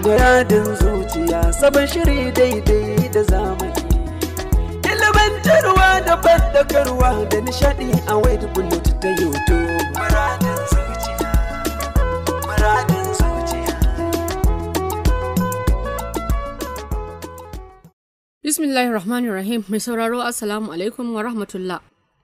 Muradin zuciya sabon shiri daidai da zamani. Ilimantarwa da bandakarwa da nishadi a wayar bullet ta YouTube. Muradin zuciya, muradin zuciya. Bismillahirrahmanirrahim mai sauraro Assalamu alaikum wa rahmatullah.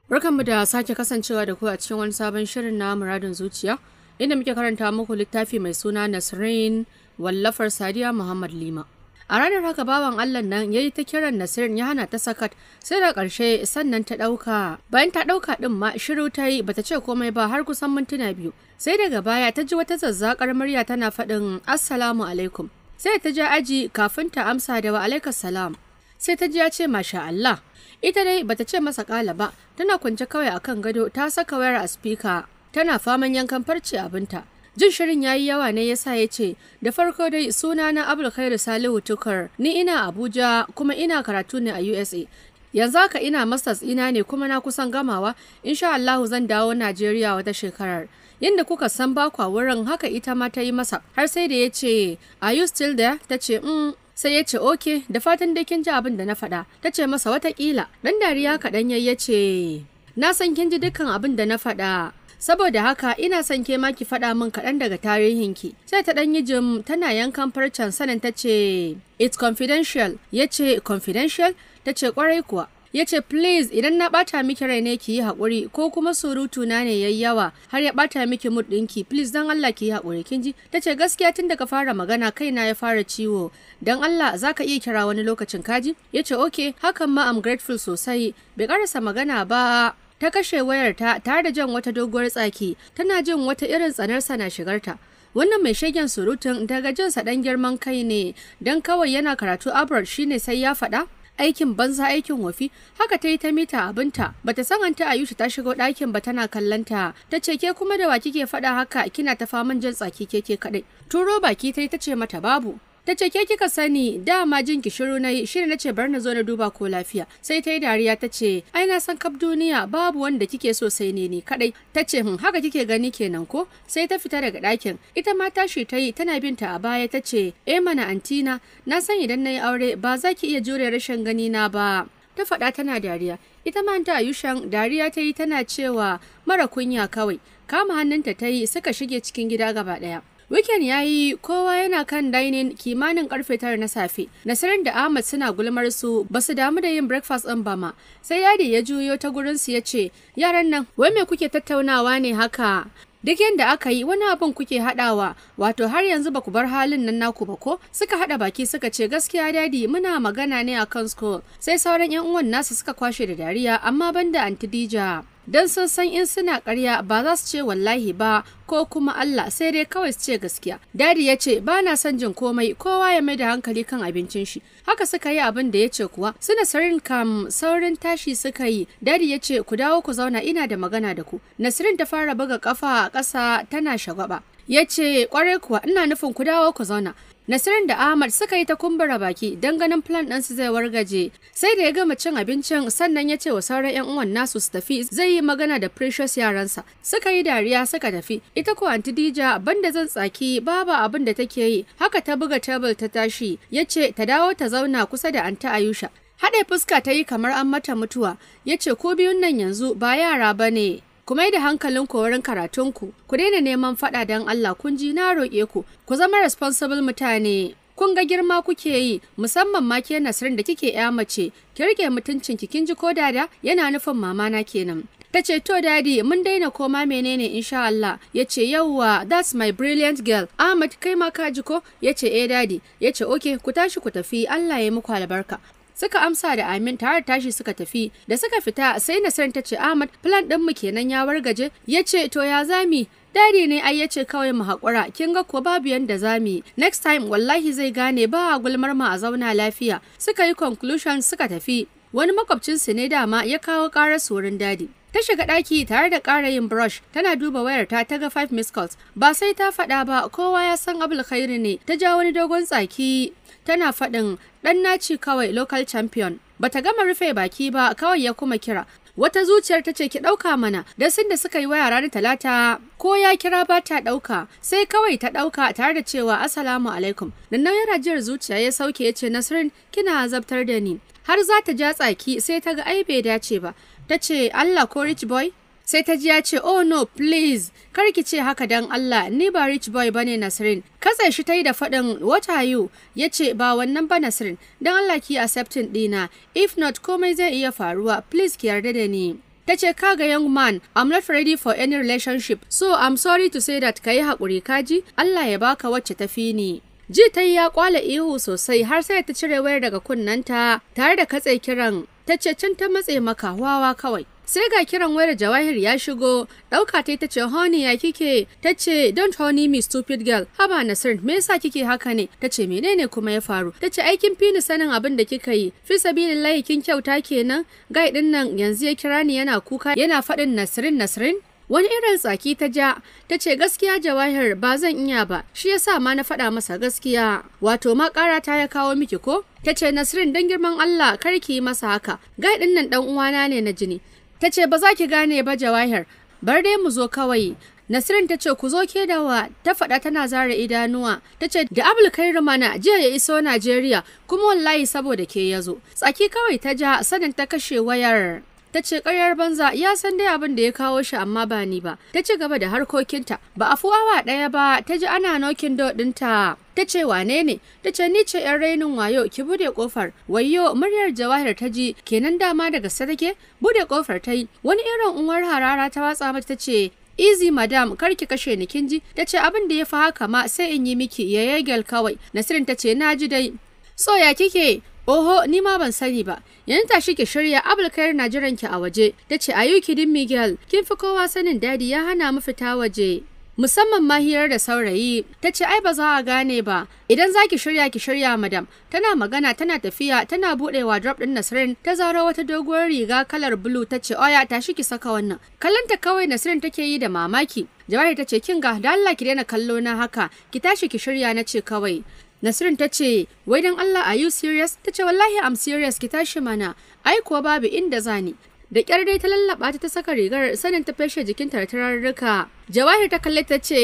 Barkanmu da sake kasancewa da ku a cikin wani sabon shirin na muradin zuciya, inda muke karanta muku littafi mai suna Nasrin wallafar Sadiya Muhammad Lima. A ranar haka bawan Allah nan ya yi ta kiran nasirin ya hana ta sakat sai da karshe sannan ta ɗauka. Bayan ta ɗauka ɗin ma shiru ta yi bata ce komai ba har kusan mintuna biyu. Sai daga baya ta ji wata zazzakar murya tana faɗin Assalamu alaikum. Sai ta ji aji kafin ta amsa da wa salam. Sai ta ji ya ce masha Allah. Ita dai bata ce masa ƙala ba tana kwance kawai akan gado ta saka wayar a spika tana faman yankan farce abinta. Jin shirin yayi yawa ne yasa ya ce, da farko dai suna na Salihu Tukar, ni ina Abuja kuma ina karatu ne a USA. Yanzu haka ina masters ina ne kuma na kusan gamawa, insha Allahu zan dawo Najeriya wata shekarar. Yadda kuka san bakwa wurin haka ita ma ta yi masa, har sai da ya ce, Are you still there? Ta ce, mm, sai ya ce oke da fatan dai kin ji abin da na faɗa ta ce masa watakila ɗan dariya kaɗan ya ce na san kin ji dukkan abin da na faɗa saboda haka ina son ke ma ki faɗa min kaɗan daga tarihinki sai ta ɗan yi jim tana yankan farcen sanin ta ce it's confidential ya ce confidential ta ce kwarai kuwa ya ce please idan na ɓata miki rai ne ki yi haƙuri ko kuma surutu na ne yayi yawa har ya ɓata miki mood ɗinki please don Allah ki yi haƙuri kin ji ta ce gaskiya tun daga fara magana kaina ya fara ciwo Don Allah za ka iya kira wani lokacin kaji ya ce okay hakan ma I'm grateful sosai bai karasa magana ba ta kashe wayarta tare da jan wata doguwar tsaki tana jin wata irin tsanarsa na shigarta wannan mai shagen surutun daga jinsa dan girman kai ne don kawai yana karatu abroad shine sai ya faɗa aikin banza aikin wafi haka ta yi ta mita abinta bata san anta ayusha ta shigo ɗakin ba tana kallanta ta ce ke kuma da wa kike faɗa haka kina ta faman jan tsaki keke kaɗai turo baki ta yi ta ce mata babu ta ce ke kika sani dama jin ki shiru na yi shine na ce bar na zo na duba ko lafiya sai ta yi dariya ta ce ai na san kaf duniya babu wanda kike so sai ne ni kadai ta ce hun hmm, haka kike gani kenan ko sai ta fita daga ɗakin ita ma tashi ta yi tana bin ta a baya ta ce e mana antina na san idan na yi aure ba za ki iya jure rashin gani na ba ta faɗa tana dariya ita ma ta ayushan dariya ta yi tana cewa mara kunya kawai kama hannunta ta yi suka shige cikin gida gaba ɗaya Weekend ya yi kowa yana kan dainin kimanin karfe tara na safe. Nasarar da Ahmad suna gulmar su ba su damu da yin breakfast ɗin ba ma. Sai yadi ya juyo ta gurin su ya ce, "Yaran nan, wai me kuke tattaunawa ne haka?" Duk yadda aka yi wani abin kuke haɗawa, wato har yanzu ba ku bar halin nan naku ba ko? Suka haɗa baki suka ce gaskiya dadi muna magana ne akan school. Sai sauran 'yan uwan nasu suka kwashe da dariya amma banda Antidija. don sun san in suna karya ba za su ce wallahi ba ko kuma Allah sai dai kawai su ce gaskiya. Dadi ya ce ba na son jin komai kowa ya mai da hankali kan abincin shi. Haka suka yi abin da ya ce kuwa suna sarin kam saurin tashi suka yi. Dadi ya ce ku dawo ku zauna ina da magana da ku. Nasirin ta fara buga kafa a ƙasa tana shagwaba. Ya ce kwarai kuwa ina nufin ku dawo ku zauna. Nasirin da Ahmad suka yi ta kumbura baki don ganin plan ɗansu zai wargaje. Sai da ya gama cin abincin sannan ya ce wa sauran 'yan uwan nasu su tafi zai yi magana da Precious yaransa. Suka yi dariya suka tafi. Ita ko Aunty Dija banda zan tsaki babu abin da take yi. Haka ta buga table ta tashi ya ce ta dawo ta zauna kusa da Anta Ayusha. Haɗe fuska ta yi kamar an mata mutuwa. Ya ce ko biyun nan yanzu ba yara ba ne. ku mai da hankalin ku wurin karatunku ku daina neman faɗa don Allah kun ji na roƙe ku ku zama responsible mutane kun ga girma kuke yi musamman ma ke nasirin da kike ya mace ki rike mutuncin kin ji ko dada yana nufin mama na kenan ta ce to dadi mun daina koma menene insha Allah ya ce yauwa that's my brilliant girl Ahmad kai ma ka ji ko ya ce eh dadi ya ce okay ku tashi ku tafi Allah ya muku albarka suka amsa da amin tare tashi suka tafi da suka fita sai nasarar ta ce ahmad plan mu kenan ya wargaje ya ce to ya zami dadi ne ai yace kawai mu haƙura kin ga ko babu yanda zami next time wallahi zai gane ba gulmar ma a zauna lafiya suka yi conclusion suka tafi wani makwabcinsu ne dama ya kawo ƙarar suwarin dadi ta shiga ɗaki tare da ƙara yin brush tana duba wayar ta ta ga 5 miss calls ba sai ta faɗa ba kowa ya san abul khairi ne ta ja wani dogon tsaki tana faɗin ɗan naci kawai local champion bata gama rufe baki ba kawai ya kuma kira wata zuciyar ta ce ki ɗauka mana da sun da suka yi waya ranar talata ko ya kira ba ta ɗauka sai kawai ta ɗauka tare da cewa assalamu alaikum da nauyin rajiyar zuciya ya sauke ya ce nasirin kina zabtar da ni har za ta ja tsaki sai ta ga ai bai dace ba ta ce allah ko rich boy sai ta ji ya ce oh no please kar ki ce haka dan Allah ni ba rich boy bane Nasrin katse shi ta yi da faɗin what are you ya ce ba wannan ba Nasrin dan Allah ki accepting dina if not komai zai iya faruwa please ki yarda da ni ta ce kaga young man I'm not ready for any relationship so I'm sorry to say that hakuri haƙuri ji. Allah ya baka wacce tafi ni ji ta yi ya kwala ihu sosai har sai ta cire wayar daga kunnanta tare da katse kiran ta ce can ta matse maka wawa kawai sai ga kiran wayar jawahir ya shigo dauka ta ta ce honey ya kike ta ce don't honey me stupid girl haba nasir me yasa kike haka ne ta ce menene kuma ya faru ta ce aikin fini sanin abin da kika yi fi sabilillahi kin kyauta kenan gai din nan yanzu ya kira ni yana kuka yana faɗin nasirin nasirin wani irin tsaki ta ja ta ce gaskiya jawahir ba zan iya ba shi yasa ma na faɗa masa gaskiya wato ma ƙara ta ya kawo miki ko ta ce nasirin don girman allah karki masa haka gai din nan dan uwana ne na jini ta ce ba za ki gane ba jawahir bar dai mu zo kawai Nasirin ta ce ku zo ke dawa ta faɗa tana zara idanuwa ta ce da Abul Kairu mana jiya ya iso Najeriya kuma wallahi saboda ke ya zo tsaki kawai ta ja sanin ta kashe wayar ta ce ƙaryar banza ya san dai abin da ya kawo shi amma ba ni ba ta ci gaba da harkokinta ba a fi awa ɗaya ba ta ji ana nokin doɗinta ta ce wane ne ta ce ni ce yan rainin wayo ki bude kofar wayo muryar jawahir ta ji kenan dama daga sadake bude kofar ta yi wani irin uwar harara ta watsa mata ta ce Easy madam kar ki kashe ni kin ji ta ce abin da ya fi haka ma sai in yi miki Ya yagel kawai Nasirin ta ce na ji dai so ya kike oho ni ma ban sani ba yanzu tashi ki shirya abulkayar na jiran ki a waje ta ce Ayu Kidin Miguel, kin fi kowa sanin dadi ya hana mu fita waje musamman ma hirar da saurayi ta ce ai ba za a gane ba idan za ki shirya ki shirya madam tana magana tana tafiya tana buɗewa drop ɗin Nasirin ta zaro wata doguwar riga kalar blue ta ce oya tashi ki saka wannan kallanta kawai Nasirin take yi da mamaki Jawahir ta ce kinga da Allah ki daina kallo na haka ki tashi ki shirya na ce kawai Nasirin ta ce, wai don Allah are you serious? Ta ce wallahi I'm serious ki tashi mana, ai kuwa babu inda zani. da kyar dai ta lallaba ta saka rigar sanin ta feshe jikin ta tararruka jawahir ta kalle ta ce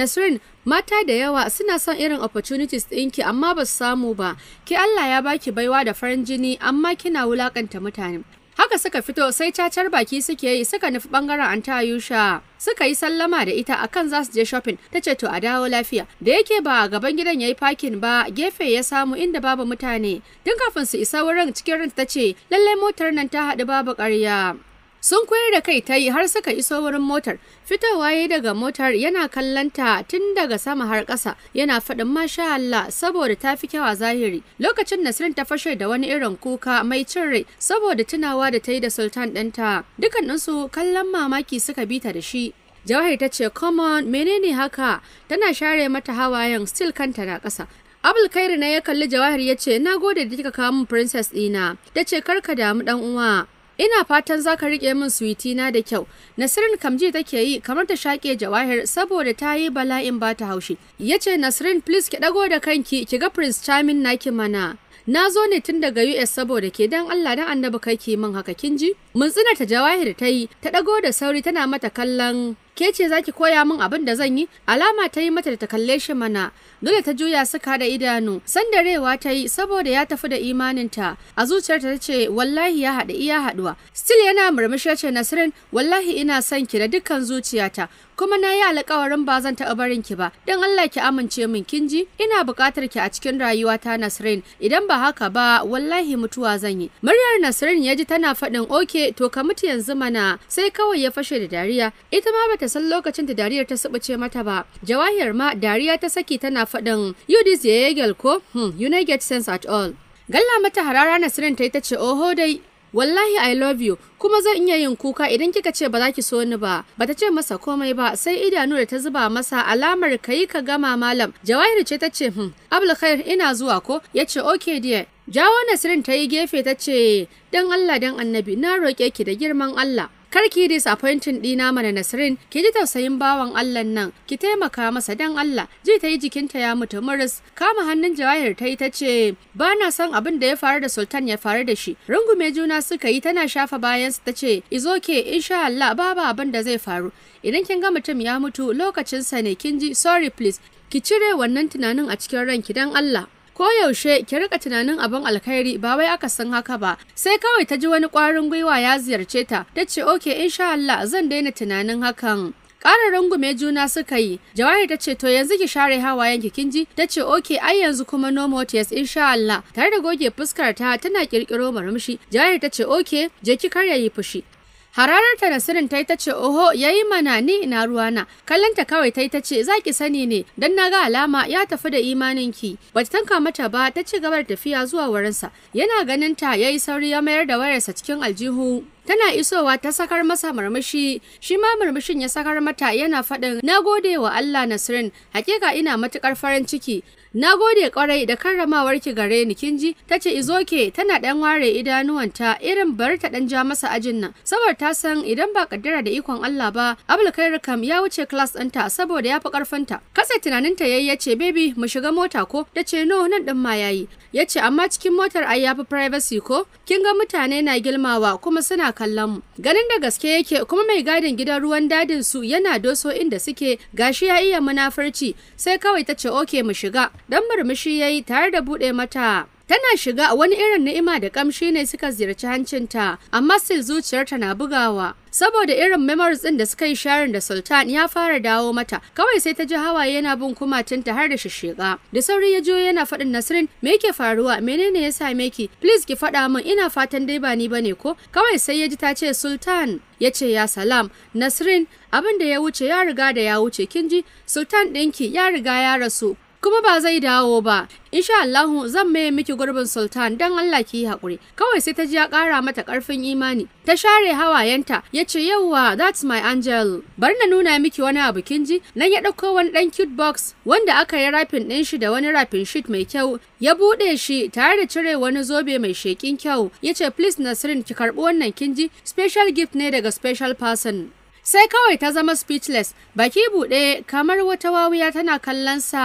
nasrin mata da yawa suna son irin opportunities ɗinki amma ba su samu ba ki allah ya baki baiwa da farin jini amma kina wulakanta mutane Haka suka fito sai cacar baki suke yi suka nufi bangaren Antayusha. Suka yi sallama da ita akan za su je shopping ta ce to a dawo lafiya. Da yake ba a gaban gidan ya yi parking ba gefe ya samu inda babu mutane. Tun kafin su isa wurin cikin ranta ta ce lallai motar nan ta haɗu babu ƙarya. sun koyar da kai ta yi har suka iso wurin motar fitowa ya daga motar yana kallanta tun daga sama har ƙasa yana faɗin masha Allah saboda ta fi kyawa zahiri lokacin Nasirin ta fashe da wani irin kuka mai cin rai saboda tunawa da ta yi da sultan ɗinta ɗinsu kallon mamaki suka bi ta da shi Jawahir ta ce common menene haka tana share mata hawayen still kanta na ƙasa Abul na ya kalli Jawahir ya ce na gode da kika kawo min princess ɗina ta ce ka damu ɗan uwa ina fatan za ka riƙe min suwiti na da kyau nasirin kamji take yi kamar ta shaƙe jawahir saboda ta yi bala'in ba ta haushi ya ce nasirin please ki ɗago da kanki ki ga prince charming naki mana na zo ne tun daga US saboda ke dan Allah dan annabi kai ki min haka kin ji mun tsina ta jawahir ta yi ta dago da sauri tana mata kallon ke ce za ki koya min abin da zan yi alama ta yi mata da ta kalle shi mana dole ta juya suka da idanu sandarewa ta yi saboda ya tafi da imaninta a zuciyarta ta ce wallahi ya haɗu iya haɗuwa still yana murmushi ce nasirin wallahi ina son ki da dukkan zuciyata kuma na yi alƙawarin ba zan taɓa barin ki ba don Allah ki amince min kin ji ina buƙatar ki a cikin rayuwa ta Nasrin idan ba haka ba wallahi mutuwa zan yi muryar Nasrin ya ji tana faɗin oke to ka mutu yanzu mana sai kawai ya fashe da dariya ita ma bata san lokacin da dariyar ta subuce mata ba jawahir ma dariya ta saki tana faɗin you this yegel ko hmm, you not get sense at all Galla mata harara Nasirin ta yi ta ce oho dai wallahi I love you kuma zan iya yin kuka idan kika ce ba za ki so ni ba bata ce masa komai ba sai idanu da ta zuba masa alamar kayi ka gama malam Jawahir ce ta ce hmm abulkhair ina zuwa ko ya ce okay dear Jawo Nasirin ta yi gefe ta ce dan Allah dan Annabi na roke ki da girman Allah Kar ki disappointing dina mana Nasrin, ki ji tausayin bawan Allah nan, ki taimaka masa dan Allah. Ji ta yi jikinta ya mutu muris, kama hannun jawahir ta yi ta ce, ba na son abin da ya faru da Sultan ya faru da shi. Rungume juna suka yi tana shafa bayansa ta ce, izo ke insha Allah babu abin da zai faru. Idan kin ga mutum ya mutu lokacinsa ne kin ji sorry please. Ki cire wannan tunanin a cikin ranki dan Allah. Koyaushe ki rika tunanin abin alkhairi ba wai aka san haka ba. Sai kawai ta ji wani ƙwarin gwiwa ya ziyarce ta, ta ce oke insha Allah zan daina tunanin hakan. ƙara rungume juna suka yi jawahir ta ce to yanzu ki share hawayen kin ji ta ce ok ai yanzu kuma no motives insha Allah tare da goge fuskar ta tana kirkiro murmushi jawahir ta ce ok je ki karya yi fushi hararar ta nasirin ta yi ta ce oho ya yi mana ni ina ruwana ta kawai ta yi ta ce za ki sani ne don na ga alama ya tafi da imaninki ba ta tanka mata ba ta ci gaba da tafiya zuwa wurinsa yana ganin ta ya yi sauri ya mayar da wayarsa cikin aljihu tana isowa ta sakar masa murmushi shi ma murmushin ya sakar mata yana faɗin na gode wa Allah Nasirin hakika ina matuƙar farin ciki Na gode kwarai da karramawar ki gare ni kin ji tace ke tana dan ware idanuwanta irin bar ta dan ja masa ajin nan saboda ta san idan ba kaddara da ikon Allah ba Khair kam ya wuce class ɗinta saboda ya fi karfinta. Kasa tunaninta yayi yace baby mu shiga mota ko tace no nan din ma yayi yace amma cikin motar ai yafi privacy ko kin ga mutane na gilmawa, kuma suna kallon mu ganin da gaske yake kuma mai gadin gidan ruwan dadin su yana doso inda suke gashi ya iya munafurci sai kawai tace oke mu shiga don murmushi ya yi tare da buɗe mata. Tana shiga a wani irin ni'ima da kamshi ne suka ziyarci hancinta, amma sil zuciyarta na bugawa. Saboda irin memories ɗin da suka yi sharin da Sultan ya fara dawo mata, kawai sai ta ji hawaye yana bin kumatinta har da shishiga. Da sauri ya jo yana faɗin Nasrin, me yake faruwa? Menene ya same ki? Please ki faɗa min ina fatan dai ba ni bane ko? Kawai sai ya ji ta ce Sultan. ya ce ya salam nasrin abin da ya wuce ya riga da ya wuce kin ji sultan ɗinki ya riga ya rasu kuma ba zai dawo ba insha Allahu zan maye miki gurbin sultan dan Allah ki haƙuri kawai sai ta ji ya ƙara mata ƙarfin imani ta share hawayenta ya ce yawwa that's my angel bar na nuna miki wani abu kin ji nan ya ɗauko wani ɗan cute box wanda aka yi rafin ɗin shi da wani rafin sheet mai kyau ya buɗe shi tare da cire wani zobe mai sheƙin kyau ya ce please Nasrin ki karɓi wannan kin ji special gift ne daga special person sai kawai ta zama speechless baki buɗe kamar wata wawiya tana kallon sa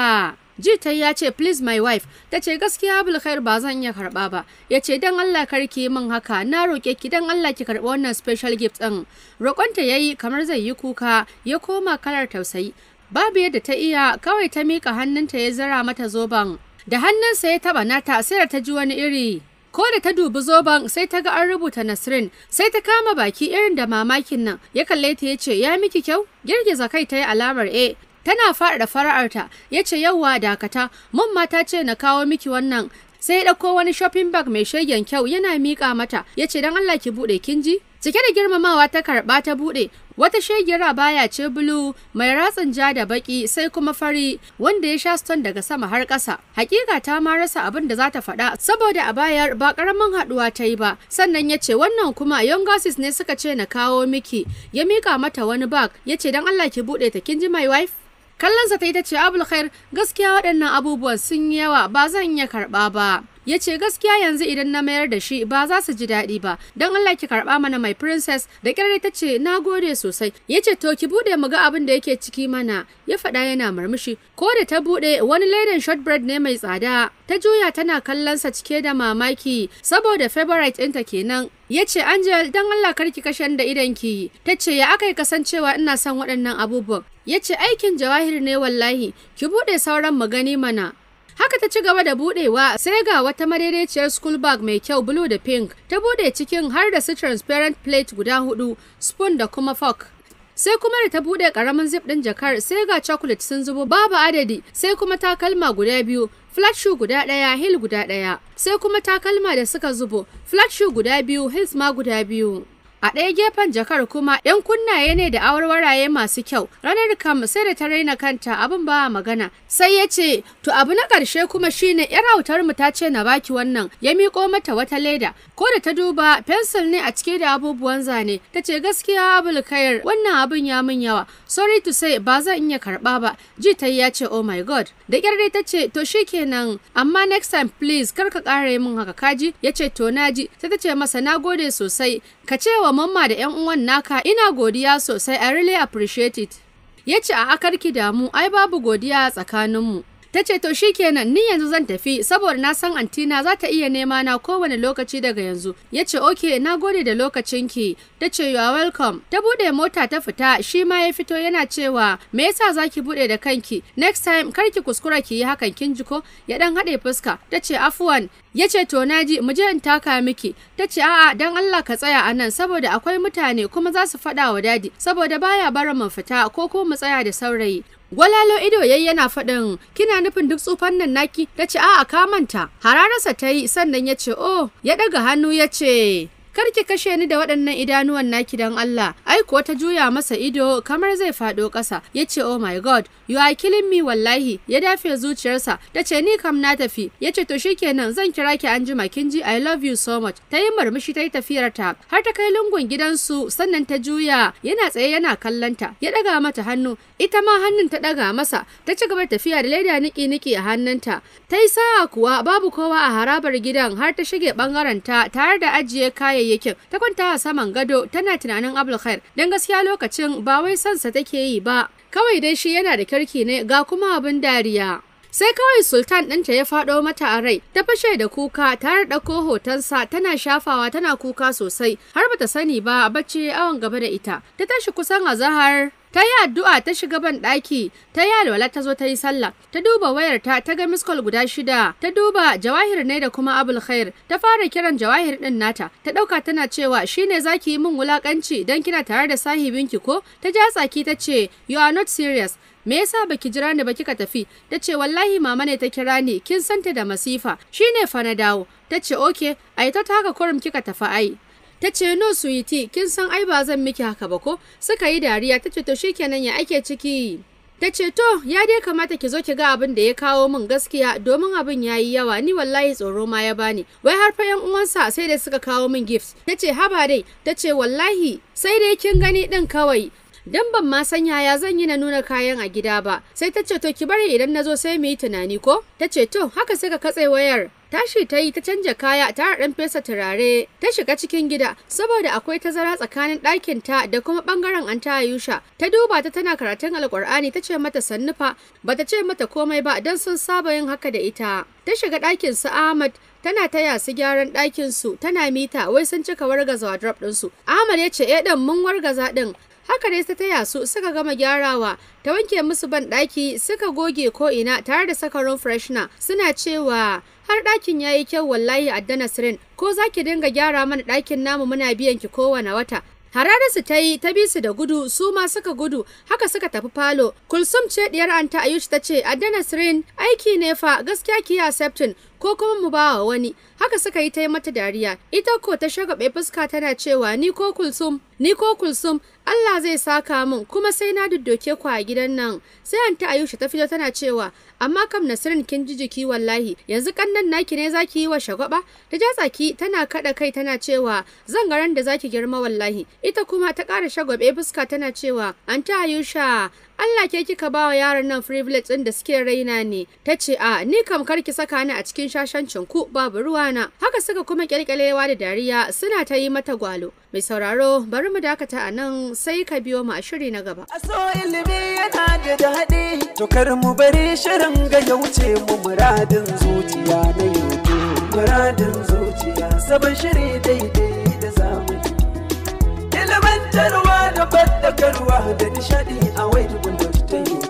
jita ya ce please my wife ta ce gaskiya abulkhair ba zan iya karba ba ya ce dan Allah karki min haka na roke ki dan Allah ki karba wannan special gift din roƙonta ya yi kamar zai yi kuka ya koma kalar tausayi babu yadda ta iya kawai ta mika hannunta ya zara mata zoban da hannunsa ya taɓa nata sai da ta ji wani iri ko da ta dubi zoban sai ta ga an rubuta Nasrin sai ta kama baki irin da mamakin nan ya kalle ta ya ce ya miki kyau girgiza kai ta yi alamar A eh. tana faɗaɗa fara'arta ya ce yauwa dakata Mun mata ce na kawo miki wannan sai ya ɗauko wani shopping bag mai shegen kyau yana miƙa mata ya ce don Allah ki buɗe kin ji cike da girmamawa ta karɓa ta buɗe wata shegiyar baya ce bulu mai ratsin ja da baki sai kuma fari wanda ya sha stone daga sama har ƙasa hakika ta ma rasa abin da za ta faɗa saboda a bayar ba ƙaramin haɗuwa ta yi ba sannan ya ce wannan kuma yongasis ne suka ce na kawo miki ya miƙa mata wani bag ya ce don Allah ki buɗe ta kin ji my wife Kallonsa ta yi ta ce Abulkhair gaskiya waɗannan abubuwan sun yi yawa ba zan iya karɓa ba. ya ce gaskiya yanzu idan na mayar da shi ba za su ji daɗi ba don Allah ki karɓa mana mai princess da kirare ta ce na gode sosai ya ce to ki buɗe mu ga abin da yake ciki mana ya faɗa yana murmushi ko da ta buɗe wani ladan ledan shortbread ne mai tsada ta juya tana kallon sa cike da mamaki saboda favorite ɗinta kenan ya ce angel don Allah karki kashen da idan ki ta ce ya aka yi kasancewa ina son waɗannan abubuwan ya ce aikin jawahir ne wallahi ki buɗe sauran magani mana haka ta ci gaba da buɗewa sai ga wata madaidaiciyar school bag mai kyau blue da pink ta buɗe cikin har da su transparent plate guda hudu spoon da kuma fork sai kuma da ta buɗe ƙaramin zip ɗin jakar sai ga chocolate sun zubo babu adadi sai kuma takalma guda biyu flat shoe guda ɗaya heel guda ɗaya sai kuma takalma da suka zubo flat shoe guda biyu heels ma guda biyu a ɗaya gefen jakar kuma yan kunnaye ne da awarwaraye masu kyau ranar kam sai da ta raina kanta abin ba magana sai ya ce to abu na ƙarshe kuma shine yar autar mu ta ce na baki wannan ya miƙo mata wata leda ko da ta duba fensil ne a cike da abubuwan zane ta ce gaskiya abulkayar wannan abin ya min yawa sorry to say ba zan iya karba ba ji ta ya ce oh my god da kyar dai ta ce to shikenan amma next time please kar ka kara min haka kaji ya ce to naji sai ta ce masa na gode sosai ka ce wa mamma da yan uwan naka ina godiya sosai i really appreciate it ya ce a akarki damu ai babu godiya tsakaninmu ta ce to shikenan ni yanzu zan tafi saboda na san antina za ta iya nema na kowane lokaci daga yanzu ya ce ok na gode da lokacinki ta ce you are welcome ta bude mota ta fita shi ma ya fito yana cewa me yasa za ki bude da kanki next time kar ki kuskura ki yi hakan kin ji ko ya dan hade fuska ta ce afuwan ya ce to naji mu je in taka miki ta ce a'a dan Allah ka tsaya a nan saboda akwai mutane kuma za su fada wa dadi saboda baya barin mu fita ko ko mu tsaya da saurayi Gwalalo ido yayi yana faɗin kina nufin duk tsufan nan naki ta ce a'a ka manta. Hararsa ta yi sannan ya ce oh ya ɗaga hannu ya ce kar ki kashe ni da waɗannan idanuwan naki dan Allah ai kuwa ta juya masa ido kamar zai faɗo ƙasa ya ce oh my god you are killing me wallahi ya dafe zuciyarsa ta ni kam na tafi ya ce to shikenan zan kira ki anjima kin ji i love you so much ta yi murmushi ta yi tafiyar ta har ta kai lungun gidansu sannan ta juya yana tsaye yana kallon ya ɗaga mata hannu ita ma hannun ta ɗaga masa ta ci gaba tafiya da leda niki niki a hannunta ta yi sa'a kuwa babu kowa a harabar gidan har ta shige bangaren ta tare da ajiye kayayyaki kayayyakin ta kwanta a saman gado tana tunanin abulkhair don gaskiya lokacin ba wai sansa take yi ba kawai dai shi yana da kirki ne ga kuma abin dariya sai kawai sultan ɗinta ya faɗo mata a rai ta fashe da kuka ta da ɗauko hotonsa tana shafawa tana kuka sosai har bata sani ba bacci awon gaba da ita ta tashi kusan azahar ta yi addu'a ta shiga ban ɗaki ta yi alwala ta zo ta yi sallah ta duba wayar ta ta ga miskol guda shida ta duba jawahir ne da kuma abul khair ta fara kiran jawahir din nata ta ɗauka tana cewa shine zaki yi min wulakanci dan kina tare da sahibinki ko ta ja tsaki ta ce you are not serious me yasa baki jira ni ba kika tafi ta ce wallahi mama ne ta kira ni kin santa da masifa shine fa na dawo ta ce okay ai ta taka kurum kika tafi ai ta ce no suiti kin san ai ba zan miki haka ba ko suka yi dariya ta ce to shikenan ya ake ciki ta ce to ya dai kamata ki zo ki ga abin da ya kawo min gaskiya domin abin ya yi yawa ni wallahi tsoro ma ya bani wai har fa yan uwansa sai da suka kawo min gifts ta ce haba dai ta ce wallahi sai dai kin gani din kawai dan ban ma san yaya zan yi na nuna kayan a gida ba sai ta ce to ki bari idan na zo sai mu yi tunani ko ta ce to haka sai ka katse wayar tashi ta yi ta canja kaya ta ɗan fesa turare ta shiga cikin gida saboda akwai tazara tsakanin ɗakin ta da kuma ɓangaren an ta yusha ta duba ta tana karatun alƙur'ani ta ce mata sannufa ba ta ce mata komai ba don sun saba yin haka da ita ta shiga ɗakin su ahmad tana taya su gyaran ɗakin su tana mita wai sun cika wargaza wardrobe ɗinsu ahmad ya ce eh ɗin mun wargaza ɗin haka dai ta taya su suka gama gyarawa ta wanke musu ban ɗaki suka goge ko ina tare da saka room freshener suna cewa har ɗakin ya yi kyau wallahi adda Nasrin ko za ki dinga gyara mana ɗakin namu muna biyan ki kowane wata Harararsu ta yi ta bi su da gudu su ma suka gudu haka suka tafi falo. Kulsum ce diyar anta Ayush ta ce Adda Nasrin aiki ne fa gaskiya ki yi accepting ko kuma mu bawa wani haka suka yi ta yi mata dariya ita ko ta shagabe fuska tana cewa ni ko kulsum ni ko kulsum Allah zai saka min kuma sai na duddoke ku a gidan nan sai Anta ayusha ta fito tana cewa amma kam nasirin kin ji jiki wallahi yanzu kannan naki ne zaki yi wa shagwaba ta ja tsaki tana kada kai tana cewa zan garan da zaki girma wallahi ita kuma ta kara shagabe fuska tana cewa Anta ayusha Allah ke kika wa yaran nan privilege ɗin da suke raina ne ta ce a ni kam kar ki saka ni a cikin shashancin ku babu ruwa na. haka suka kuma kyalkyalewa da dariya suna ta yi mata gwalo mai sauraro bari mu dakata a nan sai ka biyo mu a shiri na gaba a so ilimi yana da daɗi to kar mu bari shirin ga ya wuce mu muradin zuciya na yau muradin zuciya sabon shiri daidai Ilimantarwa da fadakarwa da nishadi a wai tukun da